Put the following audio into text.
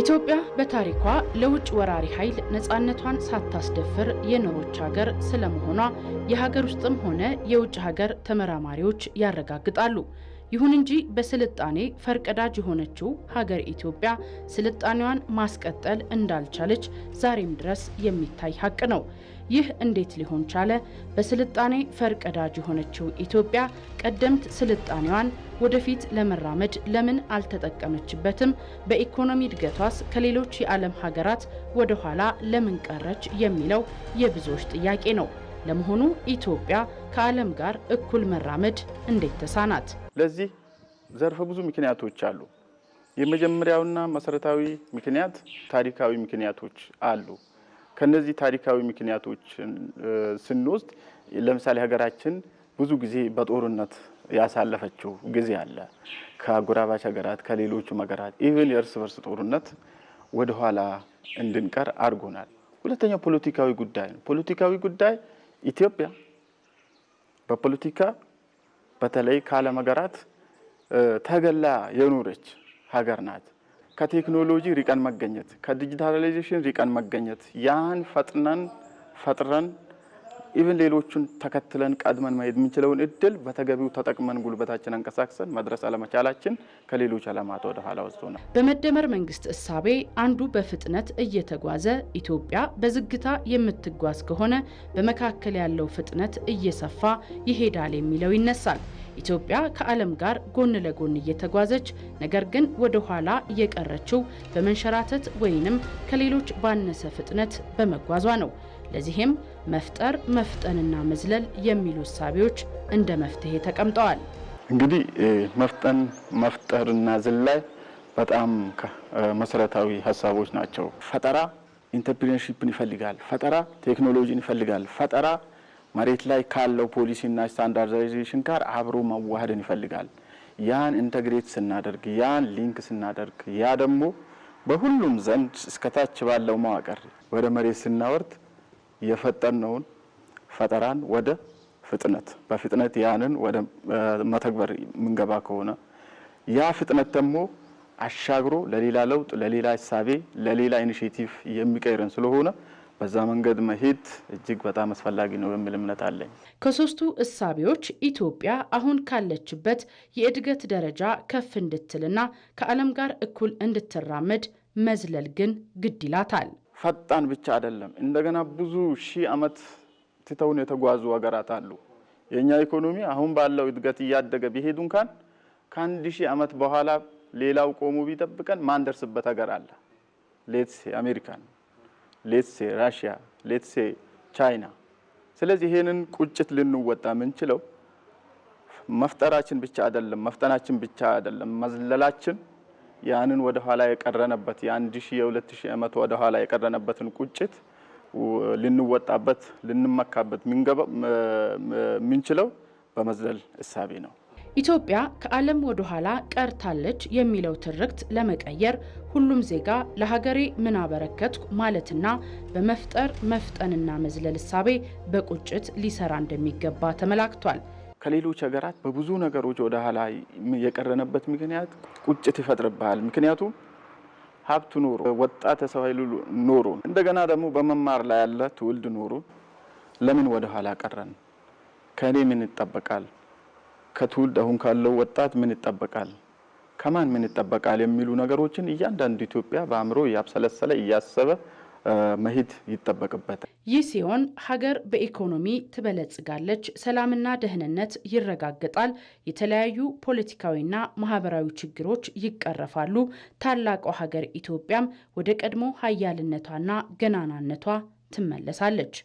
ኢትዮጵያ በታሪኳ ለውጭ ወራሪ ኃይል ነፃነቷን ሳታስደፍር የኖሮች ሀገር ስለመሆኗ የሀገር ውስጥም ሆነ የውጭ ሀገር ተመራማሪዎች ያረጋግጣሉ። ይሁን እንጂ በስልጣኔ ፈርቀዳጅ የሆነችው ሀገር ኢትዮጵያ ስልጣኔዋን ማስቀጠል እንዳልቻለች ዛሬም ድረስ የሚታይ ሀቅ ነው። ይህ እንዴት ሊሆን ቻለ? በስልጣኔ ፈርቀዳጅ የሆነችው ኢትዮጵያ ቀደምት ስልጣኔዋን ወደፊት ለመራመድ ለምን አልተጠቀመችበትም? በኢኮኖሚ እድገቷስ ከሌሎች የዓለም ሀገራት ወደኋላ ለምን ቀረች? የሚለው የብዙዎች ጥያቄ ነው። ለመሆኑ ኢትዮጵያ ከዓለም ጋር እኩል መራመድ እንዴት ተሳናት? ለዚህ ዘርፈ ብዙ ምክንያቶች አሉ። የመጀመሪያውና መሰረታዊ ምክንያት ታሪካዊ ምክንያቶች አሉ። ከነዚህ ታሪካዊ ምክንያቶች ስንወስድ ለምሳሌ ሀገራችን ብዙ ጊዜ በጦርነት ያሳለፈችው ጊዜ አለ። ከአጎራባች ሀገራት ከሌሎችም ሀገራት ኢቨን የእርስ በርስ ጦርነት ወደኋላ እንድንቀር አድርጎናል። ሁለተኛው ፖለቲካዊ ጉዳይ ነው። ፖለቲካዊ ጉዳይ ኢትዮጵያ በፖለቲካ በተለይ ከዓለም ሀገራት ተገላ የኖረች ሀገር ናት። ከቴክኖሎጂ ሪቀን መገኘት፣ ከዲጂታላይዜሽን ሪቀን መገኘት ያን ፈጥነን ፈጥረን ኢቭን ሌሎቹን ተከትለን ቀድመን መሄድ የምንችለውን እድል በተገቢው ተጠቅመን ጉልበታችን አንቀሳቅሰን መድረስ አለመቻላችን ከሌሎች አለማት ወደ ኋላ ነው። በመደመር መንግስት እሳቤ አንዱ በፍጥነት እየተጓዘ ኢትዮጵያ በዝግታ የምትጓዝ ከሆነ በመካከል ያለው ፍጥነት እየሰፋ ይሄዳል የሚለው ይነሳል። ኢትዮጵያ ከዓለም ጋር ጎን ለጎን እየተጓዘች ነገር ግን ወደ ኋላ እየቀረችው በመንሸራተት ወይንም ከሌሎች ባነሰ ፍጥነት በመጓዟ ነው። ለዚህም መፍጠር መፍጠንና መዝለል የሚሉ እሳቤዎች እንደ መፍትሄ ተቀምጠዋል። እንግዲህ መፍጠን መፍጠርና ዝላይ በጣም መሰረታዊ ሀሳቦች ናቸው። ፈጠራ ኢንተርፕሪነርሺፕን ይፈልጋል። ፈጠራ ቴክኖሎጂን ይፈልጋል። ፈጠራ መሬት ላይ ካለው ፖሊሲና ስታንዳርዳይዜሽን ጋር አብሮ መዋሃድን ይፈልጋል። ያን ኢንተግሬት ስናደርግ፣ ያን ሊንክ ስናደርግ፣ ያ ደግሞ በሁሉም ዘንድ እስከታች ባለው መዋቅር ወደ መሬት ስናወርድ የፈጠነውን ፈጠራን ወደ ፍጥነት በፍጥነት ያንን ወደ መተግበር የምንገባ ከሆነ ያ ፍጥነት ደግሞ አሻግሮ ለሌላ ለውጥ፣ ለሌላ እሳቤ፣ ለሌላ ኢኒሽቲቭ የሚቀይረን ስለሆነ በዛ መንገድ መሄድ እጅግ በጣም አስፈላጊ ነው የሚል እምነት አለኝ። ከሶስቱ እሳቤዎች ኢትዮጵያ አሁን ካለችበት የእድገት ደረጃ ከፍ እንድትልና ከዓለም ጋር እኩል እንድትራመድ መዝለል ግን ግድ ይላታል። ፈጣን ብቻ አይደለም፣ እንደገና ብዙ ሺህ ዓመት ትተውን የተጓዙ ሀገራት አሉ። የእኛ ኢኮኖሚ አሁን ባለው እድገት እያደገ ቢሄዱ እንኳን ከአንድ ሺህ ዓመት በኋላ ሌላው ቆሞ ቢጠብቀን ማንደርስበት ሀገር አለ ሌትስ አሜሪካን ሌትሴ ራሽያ ሌትሴ ቻይና። ስለዚህ ይህንን ቁጭት ልንወጣ የምንችለው መፍጠራችን ብቻ አይደለም፣ መፍጠናችን ብቻ አይደለም፣ መዝለላችን ያንን ወደኋላ የቀረነበት የአንድ ሺ የሁለት ሺህ ዓመት ወደኋላ የቀረነበትን ቁጭት ልንወጣበት ልንመካበት የምንችለው በመዝለል እሳቤ ነው። ኢትዮጵያ ከዓለም ወደ ኋላ ቀርታለች የሚለው ትርክት ለመቀየር ሁሉም ዜጋ ለሀገሬ ምን አበረከትኩ ማለትና በመፍጠር መፍጠንና መዝለል እሳቤ በቁጭት ሊሰራ እንደሚገባ ተመላክቷል። ከሌሎች ሀገራት በብዙ ነገሮች ወደ ኋላ የቀረነበት ምክንያት ቁጭት ይፈጥርብሃል። ምክንያቱም ሀብት ኖሮ ወጣት የሰው ኃይሉ ኖሮ እንደገና ደግሞ በመማር ላይ ያለ ትውልድ ኖሮ ለምን ወደ ኋላ ቀረን? ከእኔ ምን ይጠበቃል? ከትውልድ አሁን ካለው ወጣት ምን ይጠበቃል፣ ከማን ምን ይጠበቃል የሚሉ ነገሮችን እያንዳንዱ ኢትዮጵያ በአእምሮ እያብሰለሰለ እያሰበ መሄድ ይጠበቅበታል። ይህ ሲሆን ሀገር በኢኮኖሚ ትበለጽጋለች፣ ሰላምና ደህንነት ይረጋገጣል፣ የተለያዩ ፖለቲካዊና ማህበራዊ ችግሮች ይቀረፋሉ፣ ታላቋ ሀገር ኢትዮጵያም ወደ ቀድሞ ሀያልነቷና ገናናነቷ ትመለሳለች።